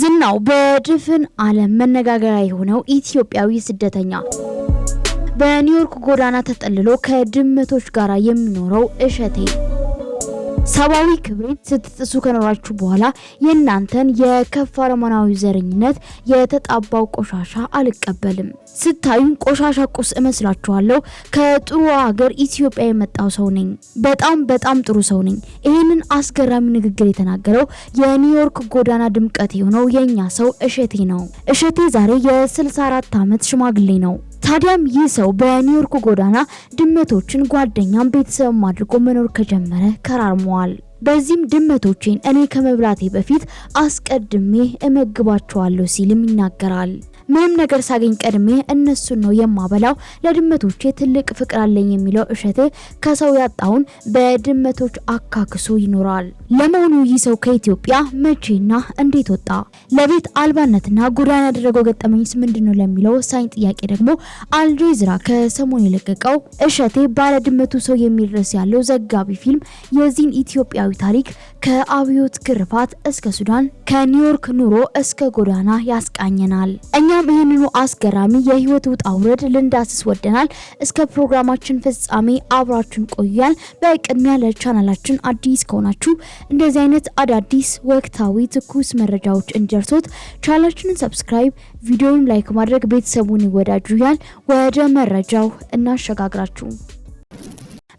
ዝናው በድፍን ዓለም መነጋገሪያ የሆነው ኢትዮጵያዊ ስደተኛ በኒውዮርክ ጎዳና ተጠልሎ ከድመቶች ጋር የሚኖረው እሸቴ ሰብአዊ ክብሬት ስትጥሱ ከኖራችሁ በኋላ የእናንተን የከፋ ሮማናዊ ዘረኝነት፣ የተጣባው ቆሻሻ አልቀበልም። ስታዩን ቆሻሻ ቁስ እመስላችኋለሁ። ከጥሩ ሀገር ኢትዮጵያ የመጣው ሰው ነኝ። በጣም በጣም ጥሩ ሰው ነኝ። ይህንን አስገራሚ ንግግር የተናገረው የኒውዮርክ ጎዳና ድምቀት የሆነው የእኛ ሰው እሸቴ ነው። እሸቴ ዛሬ የ64 ዓመት ሽማግሌ ነው። ታዲያም ይህ ሰው በኒውዮርክ ጎዳና ድመቶችን ጓደኛም ቤተሰብም አድርጎ መኖር ከጀመረ ከራርመዋል። በዚህም ድመቶቼን እኔ ከመብላቴ በፊት አስቀድሜ እመግባቸዋለሁ ሲልም ይናገራል። ምንም ነገር ሳገኝ ቀድሜ እነሱን ነው የማበላው። ለድመቶቼ ትልቅ ፍቅር አለኝ የሚለው እሸቴ ከሰው ያጣውን በድመቶች አካክሱ ይኖራል። ለመሆኑ ይህ ሰው ከኢትዮጵያ መቼና እንዴት ወጣ? ለቤት አልባነትና ጎዳና ያደረገው ገጠመኝስ ምንድን ነው ለሚለው ወሳኝ ጥያቄ ደግሞ አልጀዚራ ከሰሞኑ የለቀቀው እሸቴ ባለድመቱ ሰው የሚል ርዕስ ያለው ዘጋቢ ፊልም የዚህን ኢትዮጵያዊ ታሪክ ከአብዮት ግርፋት እስከ ሱዳን ከኒውዮርክ ኑሮ እስከ ጎዳና ያስቃኘናል። እኛ እኛም ይህንኑ አስገራሚ የህይወት ውጣ ውረድ ልንዳስስ ወደናል። እስከ ፕሮግራማችን ፍጻሜ አብራችን ቆያል። በቅድሚያ ለቻናላችን አዲስ ከሆናችሁ እንደዚህ አይነት አዳዲስ ወቅታዊ ትኩስ መረጃዎች እንዲደርሶት ቻናላችንን ሰብስክራይብ፣ ቪዲዮውን ላይክ ማድረግ ቤተሰቡን ይወዳጁ። ያል ወደ መረጃው እናሸጋግራችሁ።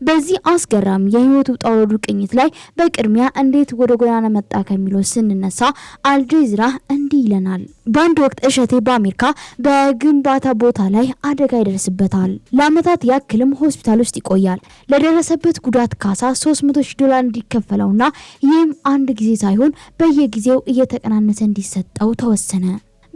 በዚህ አስገራሚ የህይወት ውጣ ውረዱ ቅኝት ላይ በቅድሚያ እንዴት ወደ ጎዳና መጣ ከሚለው ስንነሳ አልጀዚራ እንዲህ ይለናል። በአንድ ወቅት እሸቴ በአሜሪካ በግንባታ ቦታ ላይ አደጋ ይደርስበታል። ለአመታት ያክልም ሆስፒታል ውስጥ ይቆያል። ለደረሰበት ጉዳት ካሳ 300 ሺህ ዶላር እንዲከፈለውና ይህም አንድ ጊዜ ሳይሆን በየጊዜው እየተቀናነሰ እንዲሰጠው ተወሰነ።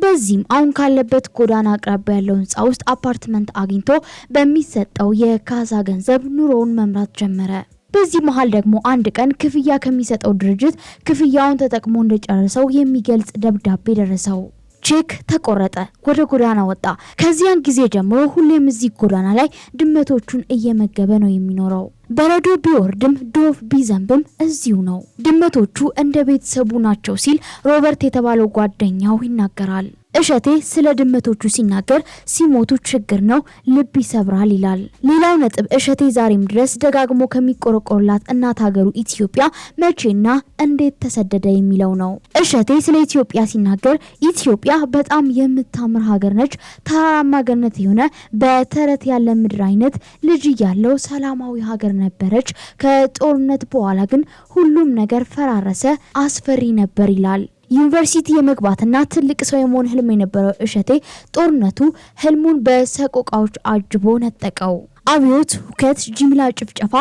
በዚህም አሁን ካለበት ጎዳና አቅራቢያ ያለው ህንፃ ውስጥ አፓርትመንት አግኝቶ በሚሰጠው የካሳ ገንዘብ ኑሮውን መምራት ጀመረ። በዚህ መሀል ደግሞ አንድ ቀን ክፍያ ከሚሰጠው ድርጅት ክፍያውን ተጠቅሞ እንደጨረሰው የሚገልጽ ደብዳቤ ደረሰው። ቼክ ተቆረጠ፣ ወደ ጎዳና ወጣ። ከዚያን ጊዜ ጀምሮ ሁሌም እዚህ ጎዳና ላይ ድመቶቹን እየመገበ ነው የሚኖረው። በረዶ ቢወርድም ዶፍ ቢዘንብም እዚሁ ነው። ድመቶቹ እንደ ቤተሰቡ ናቸው ሲል ሮበርት የተባለው ጓደኛው ይናገራል። እሸቴ ስለ ድመቶቹ ሲናገር ሲሞቱ ችግር ነው፣ ልብ ይሰብራል ይላል። ሌላው ነጥብ እሸቴ ዛሬም ድረስ ደጋግሞ ከሚቆረቆርላት እናት ሀገሩ ኢትዮጵያ መቼና እንዴት ተሰደደ የሚለው ነው። እሸቴ ስለ ኢትዮጵያ ሲናገር ኢትዮጵያ በጣም የምታምር ሀገር ነች። ተራራማ ገነት የሆነ በተረት ያለ ምድር አይነት ልጅ እያለው ሰላማዊ ሀገር ነበረች። ከጦርነት በኋላ ግን ሁሉም ነገር ፈራረሰ፣ አስፈሪ ነበር ይላል። ዩኒቨርሲቲ የመግባትና ትልቅ ሰው የመሆን ህልም የነበረው እሸቴ ጦርነቱ ህልሙን በሰቆቃዎች አጅቦ ነጠቀው። አብዮት፣ ሁከት፣ ጅምላ ጭፍጨፋ፣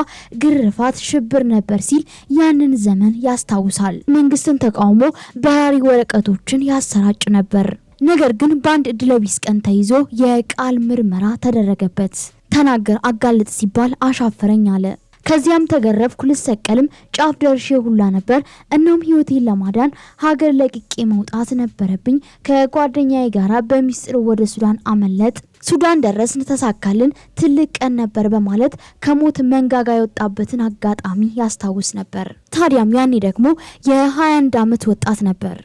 ግርፋት፣ ሽብር ነበር ሲል ያንን ዘመን ያስታውሳል። መንግስትን ተቃውሞ በራሪ ወረቀቶችን ያሰራጭ ነበር። ነገር ግን በአንድ እድለቢስ ቀን ተይዞ የቃል ምርመራ ተደረገበት። ተናገር አጋልጥ ሲባል አሻፈረኝ አለ። ከዚያም ተገረፍኩ፣ ልሰቀልም ጫፍ ደርሼ ሁላ ነበር። እናም ህይወቴን ለማዳን ሀገር ለቅቄ መውጣት ነበረብኝ። ከጓደኛዬ ጋራ በሚስጥር ወደ ሱዳን አመለጥ ሱዳን ደረስን፣ ተሳካልን፣ ትልቅ ቀን ነበር በማለት ከሞት መንጋጋ የወጣበትን አጋጣሚ ያስታውስ ነበር። ታዲያም ያኔ ደግሞ የ21 ዓመት ወጣት ነበር።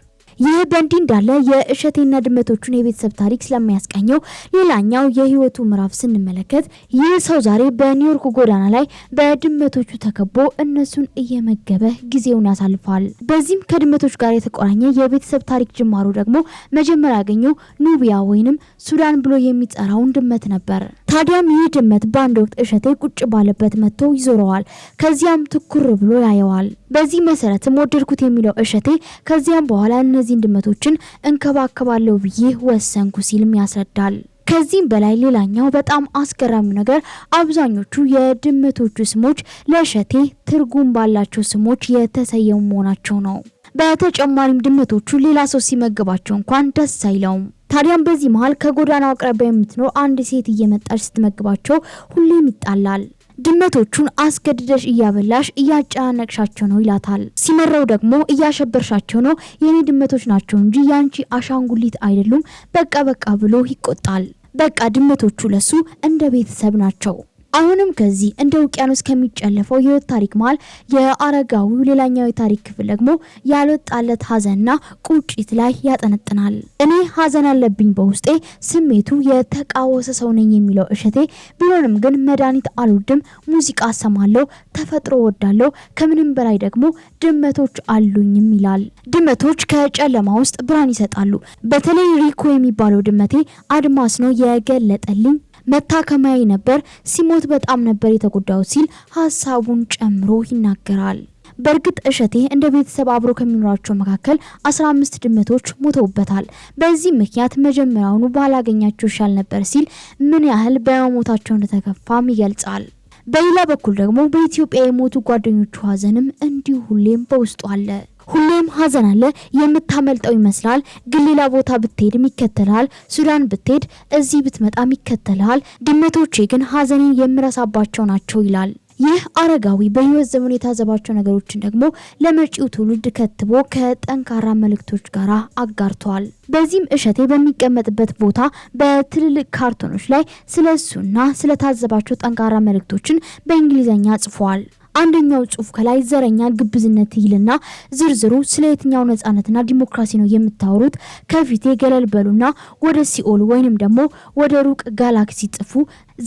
ይህ በእንዲህ እንዳለ የእሸቴና ድመቶቹን የቤተሰብ ታሪክ ስለሚያስቀኘው ሌላኛው የህይወቱ ምዕራፍ ስንመለከት ይህ ሰው ዛሬ በኒውዮርክ ጎዳና ላይ በድመቶቹ ተከቦ እነሱን እየመገበ ጊዜውን ያሳልፋል። በዚህም ከድመቶች ጋር የተቆራኘ የቤተሰብ ታሪክ ጅማሩ ደግሞ መጀመሪያ ያገኘው ኑቢያ ወይንም ሱዳን ብሎ የሚጠራውን ድመት ነበር። ታዲያም ይህ ድመት በአንድ ወቅት እሸቴ ቁጭ ባለበት መጥቶ ይዞረዋል። ከዚያም ትኩር ብሎ ያየዋል። በዚህ መሰረትም ወደድኩት የሚለው እሸቴ ከዚያም በኋላ እነዚህን ድመቶችን እንከባከባለሁ ብዬ ወሰንኩ ሲልም ያስረዳል። ከዚህም በላይ ሌላኛው በጣም አስገራሚው ነገር አብዛኞቹ የድመቶቹ ስሞች ለእሸቴ ትርጉም ባላቸው ስሞች የተሰየሙ መሆናቸው ነው። በተጨማሪም ድመቶቹ ሌላ ሰው ሲመገባቸው እንኳን ደስ አይለውም። ታዲያም በዚህ መሀል ከጎዳናው አቅራቢያ የምትኖር አንድ ሴት እየመጣች ስትመግባቸው ሁሌም ይጣላል። ድመቶቹን አስገድደሽ እያበላሽ እያጨናነቅሻቸው ነው ይላታል። ሲመራው ደግሞ እያሸበርሻቸው ነው፣ የእኔ ድመቶች ናቸው እንጂ ያንቺ አሻንጉሊት አይደሉም፣ በቃ በቃ ብሎ ይቆጣል። በቃ ድመቶቹ ለሱ እንደ ቤተሰብ ናቸው። አሁንም ከዚህ እንደ ውቅያኖስ ከሚጨለፈው የህይወት ታሪክ መሀል የአረጋዊው ሌላኛው የታሪክ ክፍል ደግሞ ያልወጣለት ሀዘንና ቁጭት ላይ ያጠነጥናል። እኔ ሀዘን አለብኝ በውስጤ ስሜቱ የተቃወሰ ሰው ነኝ የሚለው እሸቴ ቢሆንም ግን መድኃኒት አልወድም፣ ሙዚቃ አሰማለሁ፣ ተፈጥሮ ወዳለሁ፣ ከምንም በላይ ደግሞ ድመቶች አሉኝም ይላል። ድመቶች ከጨለማ ውስጥ ብርሃን ይሰጣሉ። በተለይ ሪኮ የሚባለው ድመቴ አድማስ ነው የገለጠልኝ መታከማዬ ነበር፣ ሲሞት በጣም ነበር የተጎዳው ሲል ሀሳቡን ጨምሮ ይናገራል። በእርግጥ እሸቴ እንደ ቤተሰብ አብሮ ከሚኖራቸው መካከል 15 አምስት ድመቶች ሞተውበታል። በዚህ ምክንያት መጀመሪያውኑ ባላገኛቸው ይሻል ነበር ሲል ምን ያህል በመሞታቸው እንደተከፋም ይገልጻል። በሌላ በኩል ደግሞ በኢትዮጵያ የሞቱ ጓደኞቹ ሀዘንም እንዲሁ ሁሌም በውስጡ አለ። ሁሌም ሀዘን አለ። የምታመልጠው ይመስላል፣ ግን ሌላ ቦታ ብትሄድም ይከተልሃል። ሱዳን ብትሄድ፣ እዚህ ብትመጣም ይከተልሃል። ድመቶቼ ግን ሀዘኔን የምረሳባቸው ናቸው ይላል። ይህ አረጋዊ በህይወት ዘመኑ የታዘባቸው ነገሮችን ደግሞ ለመጪው ትውልድ ከትቦ ከጠንካራ መልእክቶች ጋር አጋርተዋል። በዚህም እሸቴ በሚቀመጥበት ቦታ በትልልቅ ካርቶኖች ላይ ስለ እሱና ስለታዘባቸው ጠንካራ መልእክቶችን በእንግሊዝኛ ጽፏል። አንደኛው ጽሁፍ ከላይ ዘረኛ ግብዝነት ይልና ዝርዝሩ ስለ የትኛው ነጻነትና ዲሞክራሲ ነው የምታወሩት? ከፊቴ ገለል በሉና ወደ ሲኦል ወይንም ደግሞ ወደ ሩቅ ጋላክሲ ጥፉ።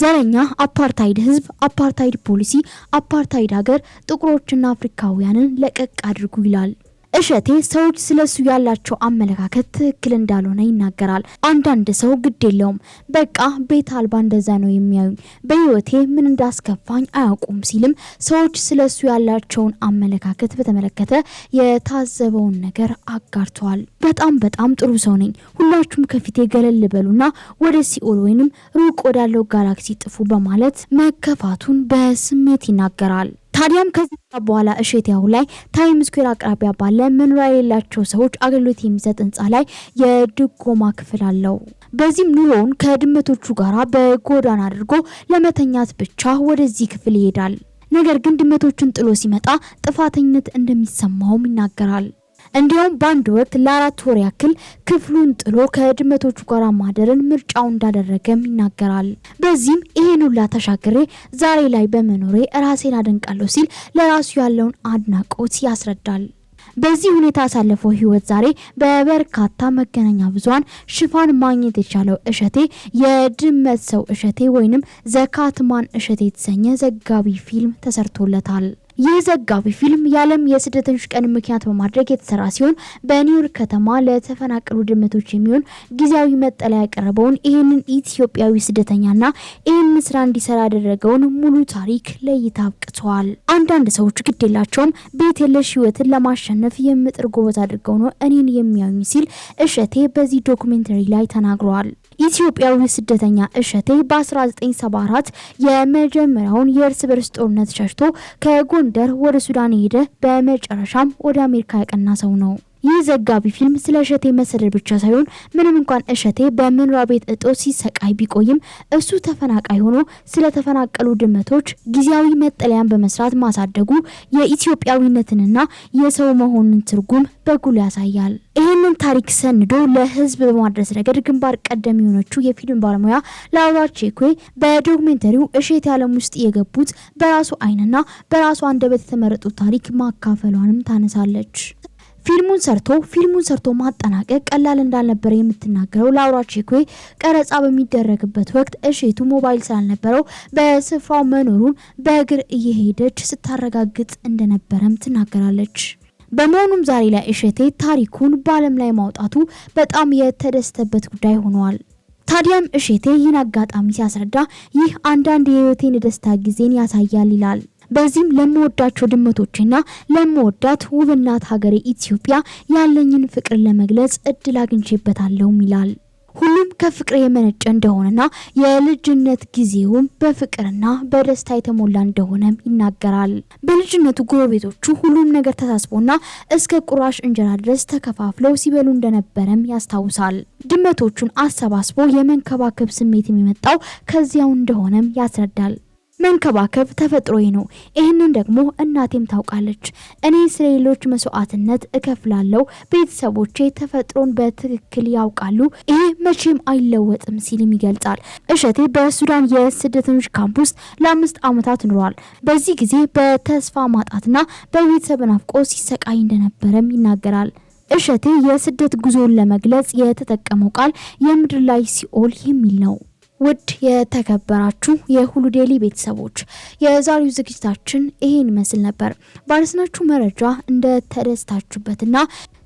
ዘረኛ አፓርታይድ ህዝብ፣ አፓርታይድ ፖሊሲ፣ አፓርታይድ ሀገር፣ ጥቁሮችና አፍሪካውያንን ለቀቅ አድርጉ ይላል። እሸቴ ሰዎች ስለሱ ያላቸው አመለካከት ትክክል እንዳልሆነ ይናገራል። አንዳንድ ሰው ግድ የለውም በቃ ቤት አልባ እንደዛ ነው የሚያዩኝ፣ በህይወቴ ምን እንዳስከፋኝ አያውቁም ሲልም ሰዎች ስለሱ ያላቸውን አመለካከት በተመለከተ የታዘበውን ነገር አጋርተዋል። በጣም በጣም ጥሩ ሰው ነኝ፣ ሁላችሁም ከፊቴ ገለል በሉና ወደ ሲኦል ወይንም ሩቅ ወዳለው ጋላክሲ ጥፉ በማለት መከፋቱን በስሜት ይናገራል። ታዲያም ከዚህ በኋላ እሸቴያው ላይ ታይም ስኩዌር አቅራቢያ ባለ መኖሪያ የሌላቸው ሰዎች አገልግሎት የሚሰጥ ህንፃ ላይ የድጎማ ክፍል አለው። በዚህም ኑሮውን ከድመቶቹ ጋር በጎዳና አድርጎ ለመተኛት ብቻ ወደዚህ ክፍል ይሄዳል። ነገር ግን ድመቶቹን ጥሎ ሲመጣ ጥፋተኝነት እንደሚሰማውም ይናገራል። እንዲያውም በአንድ ወቅት ለአራት ወር ያክል ክፍሉን ጥሎ ከድመቶቹ ጋር ማደርን ምርጫው እንዳደረገም ይናገራል። በዚህም ይህን ሁላ ተሻግሬ ዛሬ ላይ በመኖሬ ራሴን አደንቃለሁ ሲል ለራሱ ያለውን አድናቆት ያስረዳል። በዚህ ሁኔታ ያሳለፈው ህይወት ዛሬ በበርካታ መገናኛ ብዙሃን ሽፋን ማግኘት የቻለው እሸቴ የድመት ሰው እሸቴ ወይንም ዘካትማን እሸቴ የተሰኘ ዘጋቢ ፊልም ተሰርቶለታል። ይህ ዘጋቢ ፊልም የዓለም የስደተኞች ቀን ምክንያት በማድረግ የተሰራ ሲሆን በኒውዮርክ ከተማ ለተፈናቀሉ ድመቶች የሚሆን ጊዜያዊ መጠለያ ያቀረበውን ይህንን ኢትዮጵያዊ ስደተኛና ይህን ስራ እንዲሰራ ያደረገውን ሙሉ ታሪክ ለእይታ አብቅተዋል። አንዳንድ ሰዎች ግድ የላቸውም፣ ቤት የለሽ ህይወትን ለማሸነፍ የምጥር ጎበዝ አድርገው ነው እኔን የሚያዩኝ ሲል እሸቴ በዚህ ዶኩሜንተሪ ላይ ተናግረዋል። ኢትዮጵያዊ ስደተኛ እሸቴ በ1974 የመጀመሪያውን የእርስ በርስ ጦርነት ሸሽቶ ከጎንደር ወደ ሱዳን ሄደ በመጨረሻም ወደ አሜሪካ ያቀና ሰው ነው። ይህ ዘጋቢ ፊልም ስለ እሸቴ መሰደድ ብቻ ሳይሆን ምንም እንኳን እሸቴ በመኖሪያ ቤት እጦት ሲሰቃይ ቢቆይም እሱ ተፈናቃይ ሆኖ ስለ ተፈናቀሉ ድመቶች ጊዜያዊ መጠለያን በመስራት ማሳደጉ የኢትዮጵያዊነትንና የሰው መሆኑን ትርጉም በጉል ያሳያል። ይህንን ታሪክ ሰንዶ ለህዝብ በማድረስ ረገድ ግንባር ቀደም የሆነችው የፊልም ባለሙያ ላውራ ቼኩ በዶክሜንተሪው እሸት ዓለም ውስጥ የገቡት በራሱ አይንና በራሱ አንደበት የተመረጡ ታሪክ ማካፈሏንም ታነሳለች። ፊልሙን ሰርቶ ፊልሙን ሰርቶ ማጠናቀቅ ቀላል እንዳልነበረ የምትናገረው ላውራ ቼኮ ቀረጻ በሚደረግበት ወቅት እሼቱ ሞባይል ስላልነበረው በስፍራው መኖሩን በእግር እየሄደች ስታረጋግጥ እንደነበረም ትናገራለች። በመሆኑም ዛሬ ላይ እሸቴ ታሪኩን በዓለም ላይ ማውጣቱ በጣም የተደሰተበት ጉዳይ ሆኗል። ታዲያም እሸቴ ይህን አጋጣሚ ሲያስረዳ ይህ አንዳንድ የህይወቴን ደስታ ጊዜን ያሳያል ይላል። በዚህም ለምወዳቸው ድመቶችና ለምወዳት ውብናት ሀገሬ ኢትዮጵያ ያለኝን ፍቅር ለመግለጽ እድል አግኝቼበታለሁም ይላል። ሁሉም ከፍቅር የመነጨ እንደሆነና የልጅነት ጊዜውም በፍቅርና በደስታ የተሞላ እንደሆነም ይናገራል። በልጅነቱ ጎረቤቶቹ ሁሉም ነገር ተሳስቦና እስከ ቁራሽ እንጀራ ድረስ ተከፋፍለው ሲበሉ እንደነበረም ያስታውሳል። ድመቶቹን አሰባስቦ የመንከባከብ ስሜት የሚመጣው ከዚያው እንደሆነም ያስረዳል። መንከባከብ ተፈጥሮዬ ነው። ይህንን ደግሞ እናቴም ታውቃለች። እኔ ስለ ሌሎች መስዋዕትነት እከፍላለሁ። ቤተሰቦቼ ተፈጥሮን በትክክል ያውቃሉ። ይሄ መቼም አይለወጥም ሲልም ይገልጻል። እሸቴ በሱዳን የስደተኞች ካምፕ ውስጥ ለአምስት ዓመታት ኑሯል። በዚህ ጊዜ በተስፋ ማጣትና በቤተሰብ ናፍቆ ሲሰቃይ እንደነበረም ይናገራል። እሸቴ የስደት ጉዞን ለመግለጽ የተጠቀመው ቃል የምድር ላይ ሲኦል የሚል ነው። ውድ የተከበራችሁ የሁሉ ዴሊ ቤተሰቦች የዛሬው ዝግጅታችን ይህን ይመስል ነበር። ባነስናችሁ መረጃ እንደ ተደስታችሁበትና።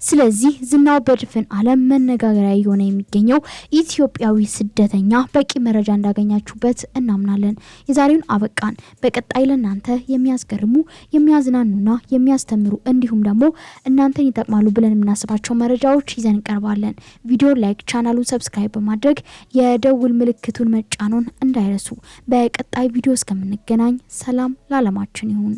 ስለዚህ ዝናው በድፍን ዓለም መነጋገሪያ የሆነ የሚገኘው ኢትዮጵያዊ ስደተኛ በቂ መረጃ እንዳገኛችሁበት እናምናለን። የዛሬውን አበቃን። በቀጣይ ለእናንተ የሚያስገርሙ የሚያዝናኑና የሚያስተምሩ እንዲሁም ደግሞ እናንተን ይጠቅማሉ ብለን የምናስባቸው መረጃዎች ይዘን እንቀርባለን። ቪዲዮ ላይክ፣ ቻናሉን ሰብስክራይብ በማድረግ የደውል ምልክቱን መጫኖን እንዳይረሱ። በቀጣይ ቪዲዮ እስከምንገናኝ ሰላም ለዓለማችን ይሁን።